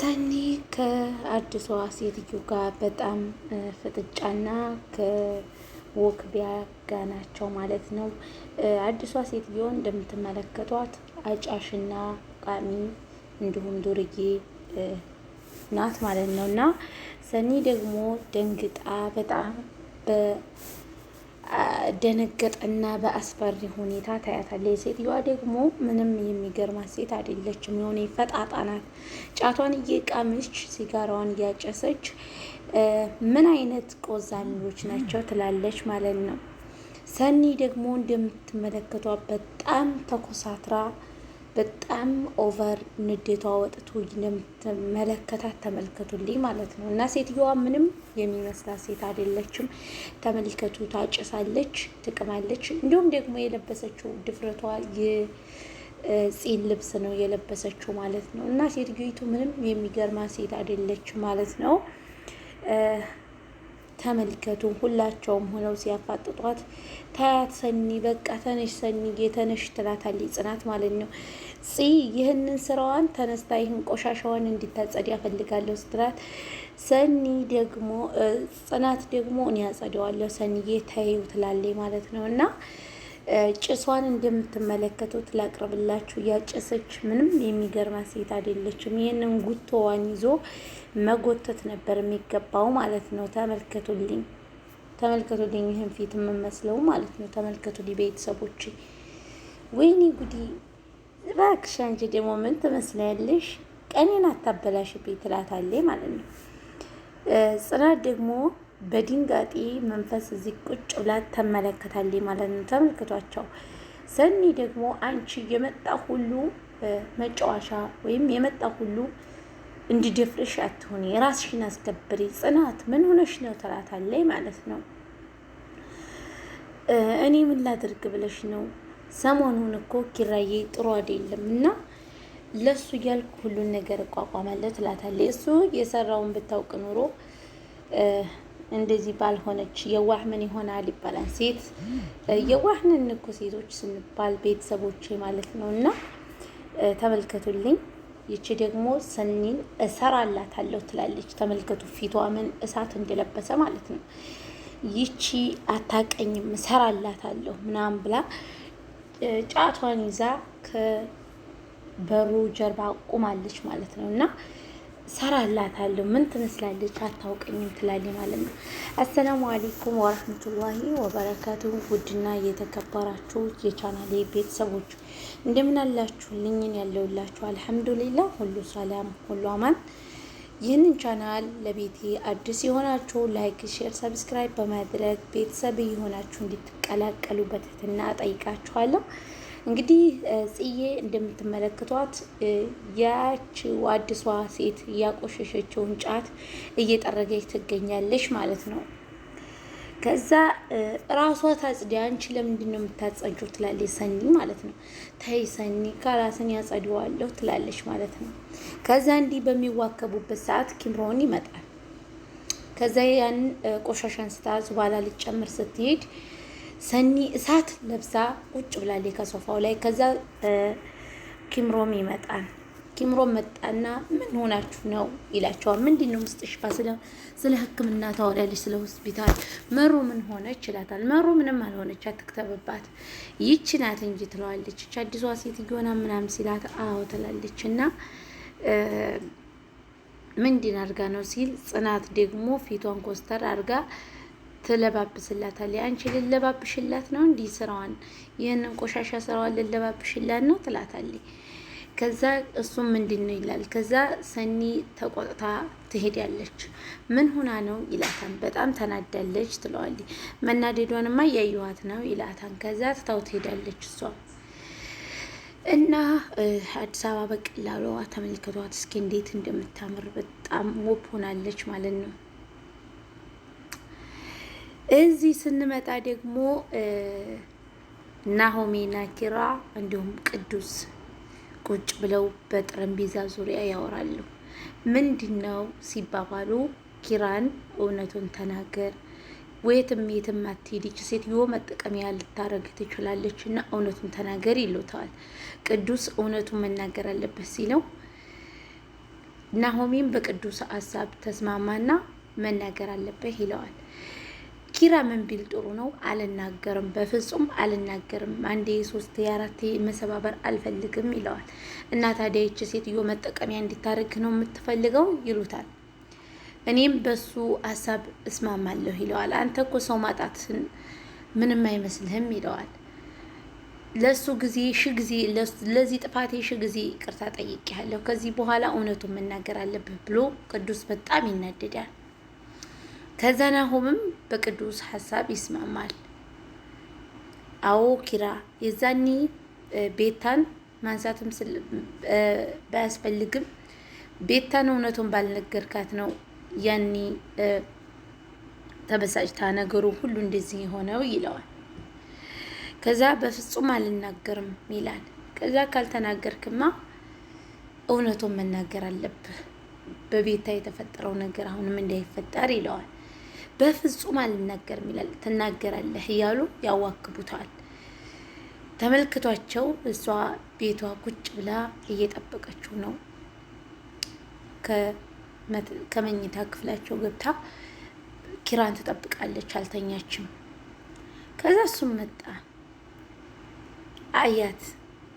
ሰኒ ከአዲሷ ሴትዮ ጋር በጣም ፍጥጫና ከወክቢያ ጋ ናቸው ማለት ነው። አዲሷ ሴትዮ እንደምትመለከቷት አጫሽና ቃሚ እንዲሁም ዱርዬ ናት ማለት ነው እና ሰኒ ደግሞ ደንግጣ በጣም ደነገጠና በአስፈሪ ሁኔታ ታያታለች። ሴትዮዋ ደግሞ ምንም የሚገርማት ሴት አይደለችም። የሆነ ፈጣጣ ናት። ጫቷን እየቃመች ሲጋራዋን እያጨሰች ምን አይነት ቆዛሚዎች ናቸው ትላለች ማለት ነው። ሰኒ ደግሞ እንደምትመለከቷ በጣም ተኮሳትራ በጣም ኦቨር ንዴቷ ወጥቶ መለከታት ተመልከቱልኝ ማለት ነው። እና ሴትዮዋ ምንም የሚመስላት ሴት አይደለችም። ተመልከቱ፣ ታጭሳለች፣ ትቅማለች። እንዲሁም ደግሞ የለበሰችው ድፍረቷ የፂን ልብስ ነው የለበሰችው ማለት ነው። እና ሴትዮይቱ ምንም የሚገርማ ሴት አይደለች ማለት ነው። ተመልከቱ። ሁላቸውም ሆነው ሲያፋጥጧት ታያት። ሰኒ በቃ ተነሽ ሰኒ የተነሽ ትላታለች ጽናት ማለት ነው። ጽ ይህንን ስራዋን ተነስታ ይህን ቆሻሻዋን እንድታጸድ ያፈልጋለሁ ስትላት፣ ሰኒ ደግሞ ጽናት ደግሞ እኔ ያጸደዋለሁ ሰኒዬ ተይው ትላለች ማለት ነው እና ጭሷን እንደምትመለከቱት ላቅርብላችሁ። ያጨሰች ምንም የሚገርማ ሴት አይደለችም። ይህንን ጉቶዋን ይዞ መጎተት ነበር የሚገባው ማለት ነው። ተመልከቱልኝ፣ ተመልከቱልኝ ይህን ፊት የምመስለው ማለት ነው። ተመልከቱልኝ ቤተሰቦች፣ ወይኒ ጉዲ! እባክሽ አንቺ ደግሞ ምን ትመስለያለሽ? ቀኔን አታበላሽብኝ ትላታለች ማለት ነው ጽናት ደግሞ በድንጋጤ መንፈስ እዚህ ቁጭ ብላ ተመለከታለች ማለት ነው። ተመልክቷቸው ሰኒ ደግሞ አንቺ የመጣ ሁሉ መጫወቻ ወይም የመጣ ሁሉ እንዲደፍርሽ አትሆኒ፣ ራስሽን አስከብሪ፣ ጽናት ምን ሆነሽ ነው ትላታለች ማለት ነው። እኔ ምን ላድርግ ብለሽ ነው? ሰሞኑን እኮ ኪራዬ ጥሩ አይደለም እና ለሱ እያልኩ ሁሉን ነገር እቋቋማለሁ ትላታለች። እሱ የሰራውን ብታውቅ ኑሮ እንደዚህ ባልሆነች የዋህ ምን ይሆናል ይባላል። ሴት የዋህንን እኮ ሴቶች ስንባል ቤተሰቦች ማለት ነው። እና ተመልከቱልኝ። ይቺ ደግሞ ሰኒን እሰራላታለሁ ትላለች። ተመልከቱ ፊቷ ምን እሳት እንደለበሰ ማለት ነው። ይቺ አታቀኝም እሰራላታለሁ ምናምን ብላ ጫቷን ይዛ ከበሩ ጀርባ ቁማለች ማለት ነው እና ሰራላታለሁ። ምን ትመስላለች አታውቀኝም ትላለች ማለት ነው። አሰላሙ አሌይኩም ወረህመቱላሂ ወበረካቱ። ውድና የተከበራችሁ የቻናሌ ቤተሰቦች እንደምን ልኝን ያለውላችሁ አልሐምዱሊላ፣ ሁሉ ሰላም፣ ሁሉ አማን። ይህንን ቻናል ለቤቴ አዲስ የሆናችሁ ላይክ፣ ሼር፣ ሰብስክራይብ በማድረግ ቤተሰብ የሆናችሁ እንድትቀላቀሉ በትህትና ጠይቃችኋለሁ። እንግዲህ ጽዬ እንደምትመለከቷት ያች አዲሷ ሴት እያቆሸሸችውን ጫት እየጠረገች ትገኛለች ማለት ነው። ከዛ ራሷ ታጽዳ፣ አንቺ ለምንድን ነው የምታጸጁ? ትላለች ሰኒ ማለት ነው። ተይ ሰኒ ካላሰኒ ያጸድዋለሁ ትላለች ማለት ነው። ከዛ እንዲህ በሚዋከቡበት ሰዓት ኪምሮን ይመጣል። ከዛ ያን ቆሻሻን ስታ በኋላ ልጨምር ስትሄድ ሰኒ እሳት ለብሳ ቁጭ ብላለች ከሶፋው ላይ። ከዛ ኪምሮም ይመጣል። ኪምሮም መጣና ምን ሆናችሁ ነው ይላቸዋል። ምንድን ነው ምስጥ ሽፋ ስለ ሕክምና ታወሪያለች ስለ ሆስፒታል። መሩ ምን ሆነች ይላታል። መሩ ምንም አልሆነች አትክተብባት፣ ይቺ ናት እንጂ ትለዋለች። ይቺ አዲሷ ሴትዮና ምናምን ሲላት አዎ ትላለች እና ምንድን አድርጋ ነው ሲል ጽናት ደግሞ ፊቷን ኮስተር አድርጋ ትለባብስላታል። አንቺ ልለባብሽላት ነው እንዲህ ስራዋን ይህንን ቆሻሻ ስራዋን ልለባብሽላት ነው ትላታል። ከዛ እሱም ምንድን ነው ይላል። ከዛ ሰኒ ተቆጥታ ትሄዳለች። ምን ሆና ነው ይላታን። በጣም ተናዳለች ትለዋል። መናደዷንማ እያየኋት ነው ይላታን። ከዛ ትታው ትሄዳለች እሷ እና አዲስ አበባ በቀላሉ ተመልክቷት እስኪ እንዴት እንደምታምር በጣም ውብ ሆናለች ማለት ነው። እዚህ ስንመጣ ደግሞ ናሆሜና ኪራ እንዲሁም ቅዱስ ቁጭ ብለው በጠረጴዛ ዙሪያ ያወራሉ። ምንድን ነው ሲባባሉ ኪራን እውነቱን ተናገር ወየትም የትም አትሄድ፣ ይች ሴትዮ መጠቀሚያ ልታረግ ትችላለች እና እውነቱን ተናገር ይሉተዋል። ቅዱስ እውነቱን መናገር አለበት ሲለው ናሆሜም በቅዱስ ሀሳብ ተስማማና መናገር አለበት ይለዋል። ኪራ ምን ቢል ጥሩ ነው? አልናገርም፣ በፍጹም አልናገርም፣ አንዴ የሶስት የአራት መሰባበር አልፈልግም ይለዋል። እና ታዲያ ይች ሴትዮ መጠቀሚያ እንዲታደርግ ነው የምትፈልገው ይሉታል። እኔም በሱ ሀሳብ እስማማለሁ ይለዋል። አንተ እኮ ሰው ማጣትን ምንም አይመስልህም ይለዋል። ለሱ ጊዜ ሺ ጊዜ ለዚህ ጥፋቴ ሺ ጊዜ ይቅርታ ጠይቄያለሁ። ከዚህ በኋላ እውነቱን መናገር አለብህ ብሎ ቅዱስ በጣም ይናደዳል። ከዛ ናሆምም በቅዱስ ሀሳብ ይስማማል። አዎ ኪራ የዛኒ ቤታን ማንሳትም ባያስፈልግም ቤታን እውነቱን ባልነገርካት ነው ያኒ ተበሳጭታ ነገሩ ሁሉ እንደዚህ የሆነው ይለዋል። ከዛ በፍጹም አልናገርም ይላል። ከዛ ካልተናገርክማ እውነቱን መናገር አለብህ፣ በቤታ የተፈጠረው ነገር አሁንም እንዳይፈጠር ይለዋል። በፍጹም አልናገርም ይላል። ትናገራለህ እያሉ ያዋክቡታል። ተመልክቷቸው እሷ ቤቷ ቁጭ ብላ እየጠበቀችው ነው። ከመኝታ ክፍላቸው ገብታ ኪራን ትጠብቃለች። አልተኛችም። ከዛ እሱም መጣ አያት።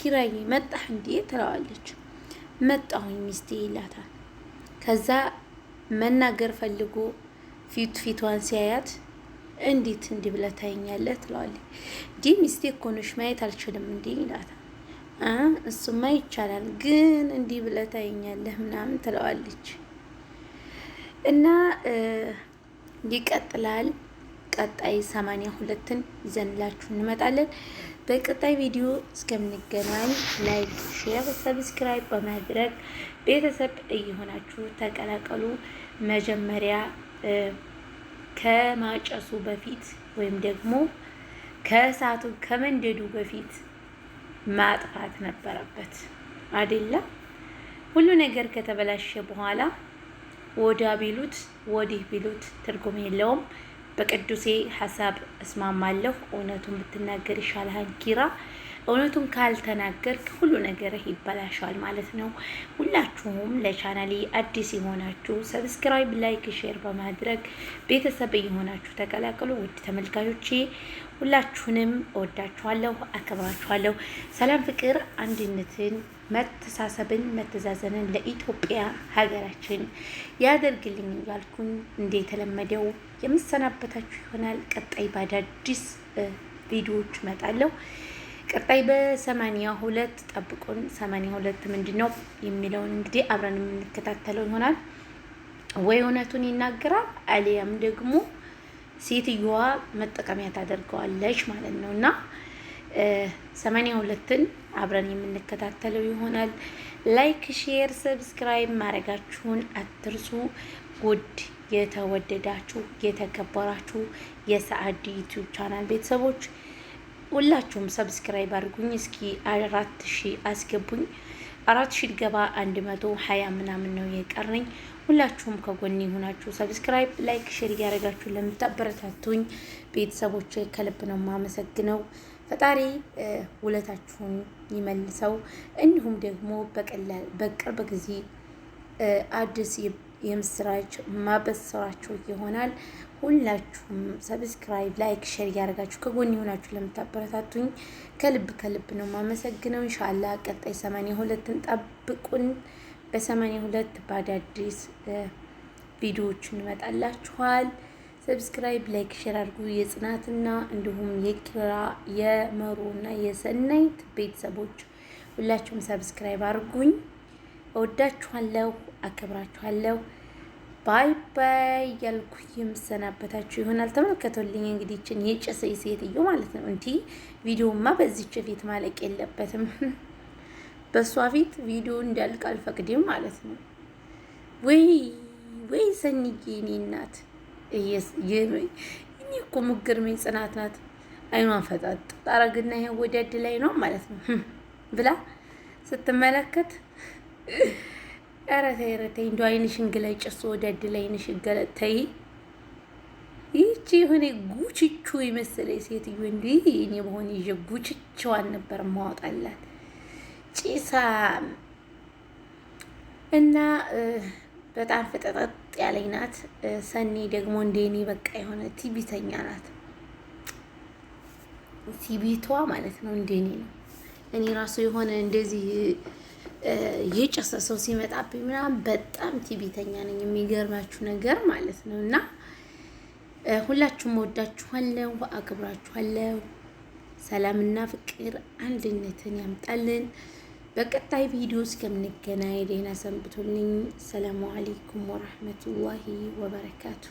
ኪራይ መጣህ እንዴ ትለዋለች። መጣሁኝ ሚስቴ ይላታል። ከዛ መናገር ፈልጎ ፊት ፊቷን ሲያያት እንዴት እንዲህ ብለህ ታየኛለህ ትለዋለች። ዲ ሚስቴ እኮ ነሽ ማየት አልችልም እንዴ ይላታል። እሱማ ይቻላል ግን እንዲህ ብለህ ታየኛለህ ምናምን ትለዋለች። እና ይቀጥላል። ቀጣይ ሰማንያ ሁለትን ይዘንላችሁ እንመጣለን። በቀጣይ ቪዲዮ እስከምንገናኝ ላይክ፣ ሼር፣ ሰብስክራይብ በማድረግ ቤተሰብ እየሆናችሁ ተቀላቀሉ። መጀመሪያ ከማጨሱ በፊት ወይም ደግሞ ከእሳቱ ከመንደዱ በፊት ማጥፋት ነበረበት አይደለም። ሁሉ ነገር ከተበላሸ በኋላ ወዳ ቢሉት ወዲህ ቢሉት ትርጉም የለውም። በቅዱሴ ሀሳብ እስማማለሁ። እውነቱን ብትናገር ይሻልሃል ኪራ እውነቱን ካልተናገርክ ሁሉ ነገርህ ይበላሻል ማለት ነው። ሁላችሁም ለቻናሌ አዲስ የሆናችሁ ሰብስክራይብ፣ ላይክ፣ ሼር በማድረግ ቤተሰብ የሆናችሁ ተቀላቀሉ። ውድ ተመልካቾቼ ሁላችሁንም እወዳችኋለሁ፣ አከብራችኋለሁ። ሰላም፣ ፍቅር፣ አንድነትን መተሳሰብን መተዛዘንን ለኢትዮጵያ ሀገራችን ያደርግልኝ እያልኩኝ እንደ የተለመደው የምሰናበታችሁ ይሆናል። ቀጣይ ባዳዲስ ቪዲዮዎች እመጣለሁ። ቀጣይ በሰማንያ ሁለት ጠብቁን። ሰማንያ ሁለት ምንድን ነው የሚለውን እንግዲህ አብረን የምንከታተለው ይሆናል። ወይ እውነቱን ይናገራል አሊያም ደግሞ ሴትዮዋ መጠቀሚያ ታደርገዋለች ማለት ነው እና ሰማንያ ሁለትን አብረን የምንከታተለው ይሆናል። ላይክ፣ ሼር፣ ሰብስክራይብ ማድረጋችሁን አትርሱ። ውድ የተወደዳችሁ የተከበራችሁ የሰአድ ዩቲዩብ ቻናል ቤተሰቦች ሁላችሁም ሰብስክራይብ አድርጉኝ። እስኪ አራት ሺ አስገቡኝ። አራት ሺ ገባ አንድ መቶ ሀያ ምናምን ነው የቀረኝ። ሁላችሁም ከጎን የሆናችሁ ሰብስክራይብ፣ ላይክ፣ ሼር እያደረጋችሁ ለምታበረታቱኝ ቤተሰቦች ከልብ ነው የማመሰግነው። ፈጣሪ ውለታችሁን ይመልሰው። እንዲሁም ደግሞ በቀላል በቅርብ ጊዜ አዲስ የምስራች ማበሰራቸው ይሆናል። ሁላችሁም ሰብስክራይብ፣ ላይክ፣ ሼር እያደረጋችሁ ከጎን የሆናችሁ ለምታበረታቱኝ ከልብ ከልብ ነው ማመሰግነው። እንሻላ ቀጣይ ሰማንያ ሁለትን ጠብቁን። በሰማንያ ሁለት በአዳዲስ ቪዲዮዎች እንመጣላችኋል። ሰብስክራይብ፣ ላይክ፣ ሼር አድርጉ። የጽናትና እንዲሁም የኪራ የመሩና የሰናይት ቤተሰቦች ሁላችሁም ሰብስክራይብ አድርጉኝ። እወዳችኋለሁ፣ አከብራችኋለሁ። ባይ ባይ እያልኩ የምሰናበታችሁ ይሆናል። ተመልከቶልኝ እንግዲህ የጨሰ ሴትዮ ማለት ነው። እንዲህ ቪዲዮማ በዚች ፊት ማለቅ የለበትም። በእሷ ፊት ቪዲዮ እንዳልቅ አልፈቅድም ማለት ነው። ወይ ወይ ሰኒዬ እኔ እናት እኔ እኮ ምገርመኝ ጽናት ናት። አይኗን ፈጣጥ ጣረግና ይሄ ወዳድ ላይ ነው ማለት ነው ብላ ስትመለከት ኧረ ተይ ኧረ ተይ እንደው አይንሽን ግለጭ እሱ ወደ እድል ገለጥ ተይ። ይቺ የሆነ ጉችቹ የመሰለ ሴትዮ እንዲ እኔ በሆነ ይዤ ጉችችዋን ነበር ማወጣላት ጭሳ እና በጣም ፍጠጠጥ ያለኝ ናት። ሰኒ ደግሞ እንደኔ በቃ የሆነ ቲቢተኛ ናት። ቲቢቷ ማለት ነው እንደኔ ነው። እኔ ራሱ የሆነ እንደዚህ የጨሰ ሰው ሲመጣብኝ ምናምን በጣም ቲቢተኛ ነኝ። የሚገርማችሁ ነገር ማለት ነው። እና ሁላችሁም ወዳችኋለሁ፣ አክብራችኋለሁ። ሰላምና ፍቅር አንድነትን ያምጣልን። በቀጣይ ቪዲዮ እስከምንገናኝ ደህና ሰንብቱልኝ። ሰላሙ አሌይኩም ወረህመቱላሂ ወበረካቱ።